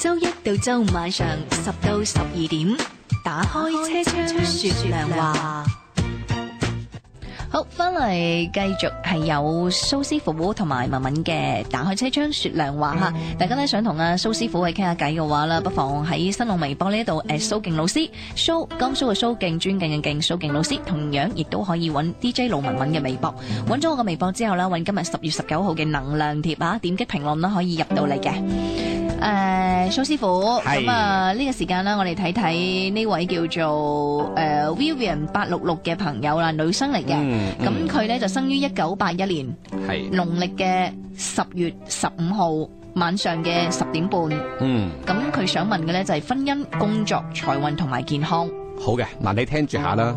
周一到周五晚上十到十二點，打開車窗說亮話。好，翻嚟繼續係有蘇師傅同埋文文嘅打開車窗說亮話吓，大家呢，想同阿蘇師傅去傾下偈嘅話啦，不妨喺新浪微博呢一度誒蘇敬老師，蘇江蘇嘅蘇敬，尊敬嘅敬，蘇敬老師，同樣亦都可以揾 DJ 盧文文嘅微博，揾、嗯、咗我嘅微博之後呢揾今日十月十九號嘅能量貼啊，點擊評論啦，可以入到嚟嘅。誒，蘇師傅，咁啊呢個時間咧，我哋睇睇呢位叫做誒 Vivian 八六六嘅朋友啦，女生嚟嘅，咁佢咧就生於一九八一年，係農曆嘅十月十五號晚上嘅十點半，嗯，咁佢想問嘅咧就係婚姻、工作、財運同埋健康。好嘅，嗱你聽住下啦。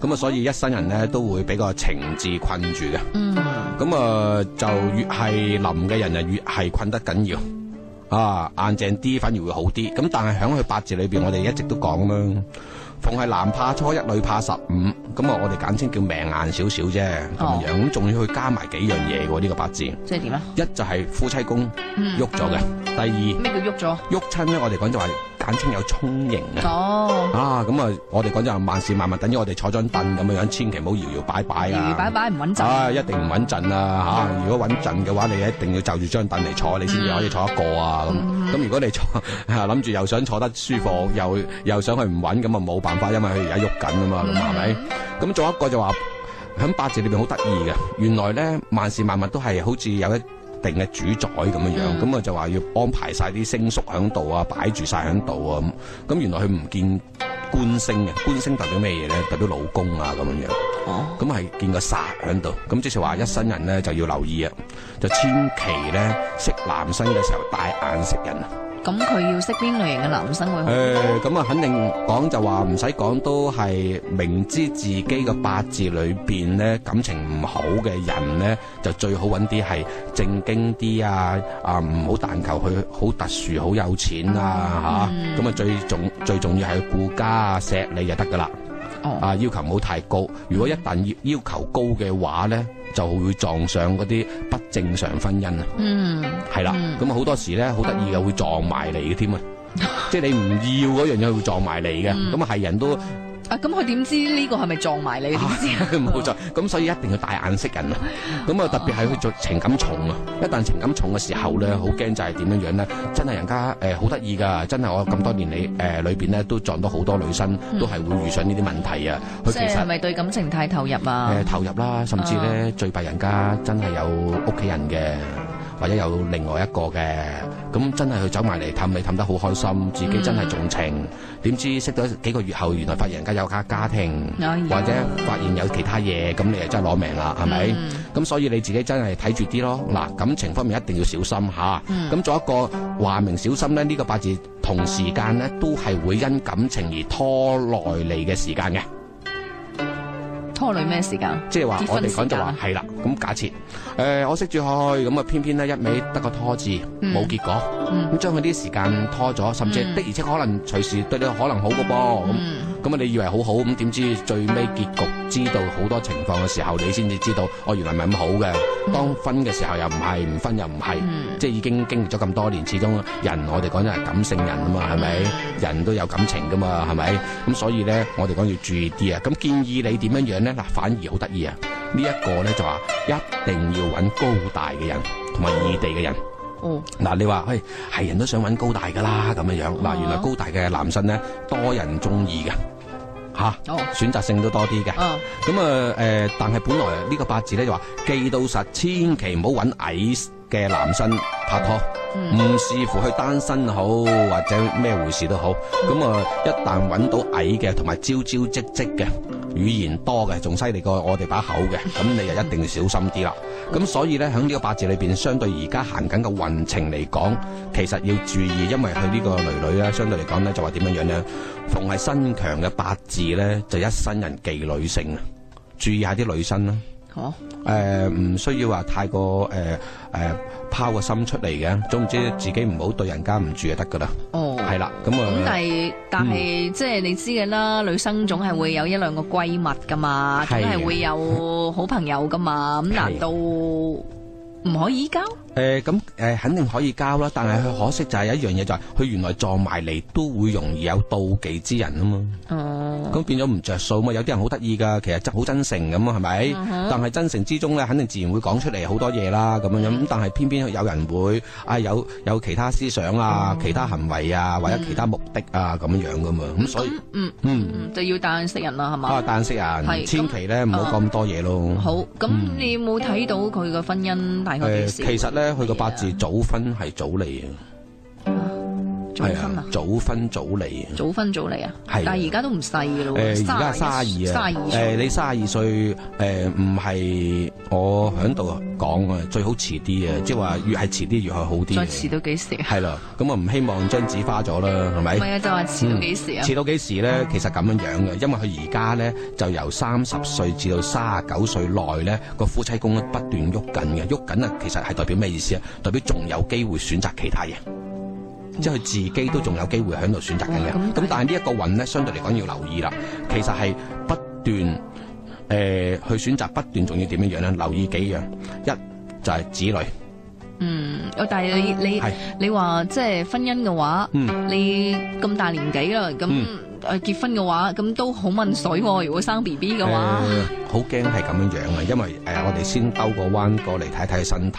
咁啊，所以一生人咧都會比較情字困住嘅。嗯。咁啊，就越係臨嘅人啊，就越係困得緊要。啊，硬淨啲反而會好啲。咁但係喺佢八字裏邊，嗯、我哋一直都講啦。逢係男怕初一，女怕十五。咁啊，我哋簡稱叫命硬少少啫。哦。咁仲要去加埋幾樣嘢嘅呢個八字。即係點啊？一就係夫妻宮，喐咗嘅。第二咩叫喐咗？喐親咧，我哋講就話、係。眼睛有充盈啊！啊咁、oh. 啊！我哋講就話，萬事萬物等於我哋坐張凳咁樣，樣，千祈唔好搖搖擺擺啊！搖擺擺唔穩陣啊！一定唔穩陣啊！吓、mm. 啊，如果穩陣嘅話，你一定要就住張凳嚟坐，你先至可以坐一個啊！咁咁、mm. 啊，如果你坐諗住又想坐得舒服，mm. 又又想去唔穩，咁啊冇辦法，因為佢而家喐緊啊嘛，係咪、mm. 啊？咁仲有一個就話喺八字裏邊好得意嘅，原來咧萬事萬物都係好似有一。定嘅主宰咁樣，樣、嗯，咁啊就話要安排晒啲星宿響度啊，擺住晒響度啊咁，咁原來佢唔見官星嘅，官星代表咩嘢咧？代表老公啊咁樣，咁係、啊、見個煞響度，咁即係話一生人咧就要留意啊，就千祈咧識男生嘅時候帶眼識人。咁佢要識邊類型嘅男生會？誒、欸，咁啊，肯定講就話唔使講，都係明知自己個八字裏邊咧感情唔好嘅人咧，就最好揾啲係正經啲啊啊，唔好但求佢好特殊、好有錢啊吓，咁、嗯、啊最重最重要係顧家啊，錫你就得噶啦。Oh. 啊！要求唔好太高，如果一旦要要求高嘅話咧，就會撞上嗰啲不正常婚姻啊。嗯，係啦，咁好多時咧，好得意嘅會撞埋嚟嘅添啊， 即係你唔要嗰樣嘢會撞埋嚟嘅，咁啊係人都。啊！咁佢點知呢個係咪撞埋你嘅意思啊？冇錯，咁所以一定要大眼識人啊！咁啊，特別係佢做情感重啊，一旦情感重嘅時候咧，好驚就係點樣樣咧？真係人家誒好得意噶，真係我咁多年嚟誒裏面咧都撞到好多女生，都係會遇上呢啲問題啊！其實以係咪對感情太投入啊？呃、投入啦，甚至咧最弊人家真係有屋企人嘅。或者有另外一個嘅咁，真係去走埋嚟氹你氹得好開心，自己真係重情。點、嗯、知識咗幾個月後，原來發現人家有家家庭，哎、呀或者發現有其他嘢，咁你就真係攞命啦，係咪？咁、嗯、所以你自己真係睇住啲咯。嗱，感情方面一定要小心吓。咁、啊嗯、做一個話明小心咧，呢、呢個八字同時間咧都係會因感情而拖耐你嘅時間嘅。拖累咩時間？即係話我哋講就話係啦。咁假設，誒、呃、我識住佢，咁啊偏偏咧一味得個拖字，冇、嗯、結果，咁、嗯、將佢啲時間拖咗，嗯、甚至的而且可能隨時對你可能好嘅噃。嗯咁嗯咁啊，你以為好好咁，點知最尾結局知道好多情況嘅時候，你先至知道，我原來唔係咁好嘅。當分嘅時候又唔係，唔分又唔係，嗯、即係已經經歷咗咁多年，始終人我哋講真係感性人啊嘛，係咪？人都有感情噶嘛，係咪？咁所以咧，我哋講要注意啲啊。咁建議你點樣樣咧？嗱，反而好得意啊。呢、這、一個咧就話一定要搵高大嘅人，人，同埋異地嘅人。哦，嗱、嗯啊、你話，誒係人都想揾高大噶啦，咁樣樣，嗱、啊、原來高大嘅男生咧多人中意嘅，吓、啊，哦、選擇性都多啲嘅，咁啊、哦，誒、呃，但係本來呢個八字咧就話記到實，千祈唔好揾矮嘅男生拍拖，唔、嗯、視乎佢單身好或者咩回事都好，咁啊、嗯，一旦揾到矮嘅同埋招招積積嘅。語言多嘅，仲犀利過我哋把口嘅，咁你又一定要小心啲啦。咁所以咧，喺呢個八字裏邊，相對而家行緊嘅運程嚟講，其實要注意，因為佢呢個女女咧，相對嚟講咧，就話點樣樣咧，逢係身強嘅八字咧，就一身人忌女性啊，注意下啲女生啦。好、啊。誒、呃，唔需要話太過誒誒拋個心出嚟嘅，總之，自己唔好對人家唔住就得噶啦。哦。係啦，咁啊，咁但係，但係即係你知嘅啦，女生總係會有一兩個閨蜜噶嘛，是啊、總係會有好朋友噶嘛，咁是、啊、難道唔可以交？誒，咁誒，肯定可以交啦，但係佢可惜就係有一樣嘢就係，佢原來撞埋嚟都會容易有妒忌之人啊嘛。哦，咁變咗唔着數嘛，有啲人好得意噶，其實真好真誠咁啊，係咪？但係真誠之中咧，肯定自然會講出嚟好多嘢啦，咁樣咁，但係偏偏有人會啊，有有其他思想啊，其他行為啊，或者其他目的啊，咁樣噶嘛。咁所以嗯嗯，就要帶眼識人啦，係嘛？啊，帶眼識人，千祈咧唔好講咁多嘢咯。好，咁你有冇睇到佢嘅婚姻大概嘅事？其實咧。佢個八字 Yeah. 早婚係早嚟。係啊，早分早離啊！早分早離啊！係，但係而家都唔細噶咯喎。誒，而家卅二啊，卅二歲。誒，你卅二歲，誒，唔係我響度講啊，最好遲啲啊，即係話越係遲啲越係好啲。再遲到幾時啊？係咯，咁我唔希望張紙花咗啦，係咪？唔係啊，就話遲到幾時啊？遲到幾時咧？其實咁樣樣嘅，因為佢而家咧就由三十歲至到卅九歲內咧個夫妻宮不斷喐緊嘅，喐緊啊，其實係代表咩意思啊？代表仲有機會選擇其他嘢。即係佢自己都仲有機會喺度選擇緊嘅，咁但係呢一個運咧，相對嚟講要留意啦。其實係不斷誒、呃、去選擇，不斷仲要點樣樣咧？留意幾樣？一就係、是、子女。嗯，但係你你是你話即係婚姻嘅話，嗯、你咁大年紀啦，咁誒結婚嘅話，咁都好問水喎、啊。如果生 B B 嘅話，好驚係咁樣樣嘅，因為誒、呃、我哋先兜個彎過嚟睇睇身體，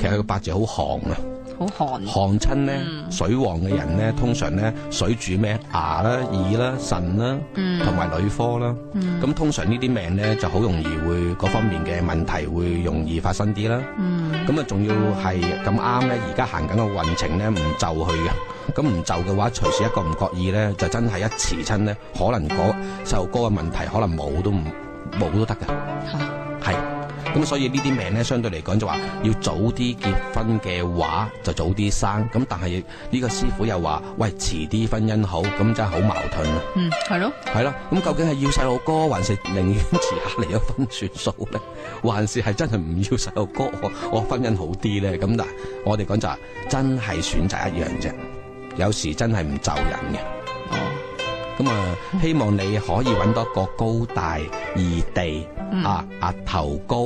其實佢個八字好寒啊。好寒寒親咧，嗯、水旺嘅人咧，通常咧水主咩牙啦、耳啦、腎啦，同埋、嗯、女科啦。咁、嗯、通常呢啲命咧就好容易會嗰方面嘅問題會容易發生啲啦。咁啊、嗯，仲要係咁啱咧，而家行緊嘅運程咧唔就去嘅，咁唔就嘅話，隨時一個唔覺意咧，就真係一遲親咧，可能嗰細路哥嘅問題可能冇都唔冇都得噶。係、啊。咁所以呢啲命咧，相對嚟講就話要早啲結婚嘅話，就早啲生。咁但係呢個師傅又話，喂，遲啲婚姻好，咁真係好矛盾啊！嗯，係咯，係咯。咁究竟係要細路哥，還是寧願遲下嚟結婚算數咧？還是係真係唔要細路哥我，我婚姻好啲咧？咁嗱、就是，我哋講就真係選擇一樣啫。有時真係唔就人嘅。嗯、希望你可以揾到一個高大而地、嗯、啊，額、啊、頭高，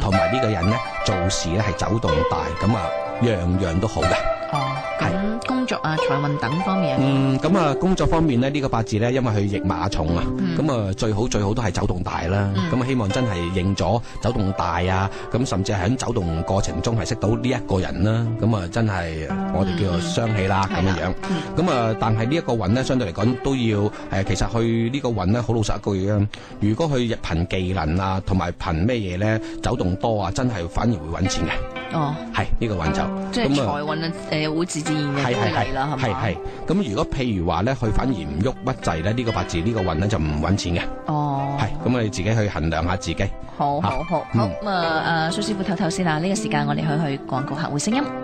同埋呢個人咧做事咧係走動大，咁啊樣樣都好嘅。咁、哦、工作啊、財運是等方面啊，嗯，咁啊工作方面咧，呢、這個八字咧，因為佢驛馬重啊，咁啊、嗯、最好最好都係走動大啦，咁、嗯、希望真係認咗走動大啊，咁甚至喺走動過程中係識到呢一個人、啊嗯、啦，咁啊真係我哋叫做雙喜啦咁樣樣，咁啊、嗯、但係呢一個運咧相對嚟講都要，誒其實去個運呢個運咧好老實一句啊，如果去日憑技能啊，同埋憑咩嘢咧走動多啊，真係反而會搵錢嘅。嗯哦，係、呢、呢個運就即係財運啊，誒會自，自然嘅出嚟啦，係係咁，如果譬如話咧，佢反而唔喐乜滯咧，呢、呢個八字呢、呢個運咧就唔揾錢嘅。哦，係，咁我哋自己去衡量下自己。好好好，咁啊，誒蘇、嗯、師傅唞唞先啦，呢、呢個時間我哋去去廣告客戶先聲音。